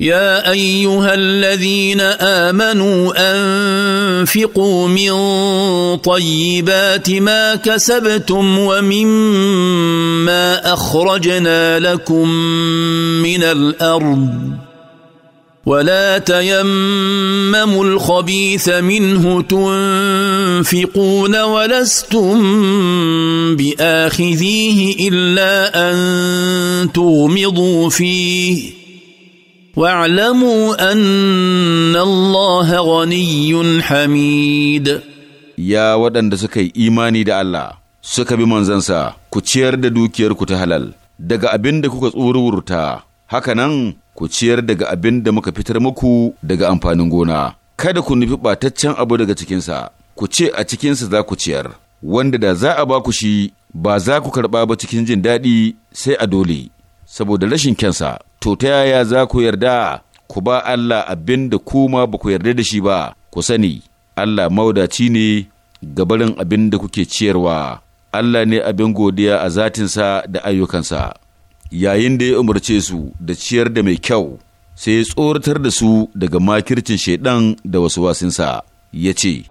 يا ايها الذين امنوا انفقوا من طيبات ما كسبتم ومما اخرجنا لكم من الارض ولا تيمموا الخبيث منه تنفقون ولستم باخذيه الا ان تغمضوا فيه واعلموا ان الله غني حميد يا waɗanda suka yi imani da Allah suka bi manzansa ku ciyar da dukiyarku ta halal daga abin da kuka haka nan, ku ciyar daga abin da muka fitar muku daga amfanin gona kada ku nufi ɓataccen abu daga cikinsa ku ce a cikinsa za ku ciyar wanda da za a ba ku shi ba za ku karɓa ba cikin jin daɗi sai a dole saboda rashin kyansa to ta yaya za ku yarda ku ba Allah abin da kuma ba ku yarda da shi ba ku sani Allah maudaci ne gabarin abin da kuke ciyarwa Allah ne abin godiya a zatinsa da ayyukansa yayin da ya umarce su da ciyar da mai kyau sai ya tsoratar da su daga makircin shaidan da wasu wasinsa ya ce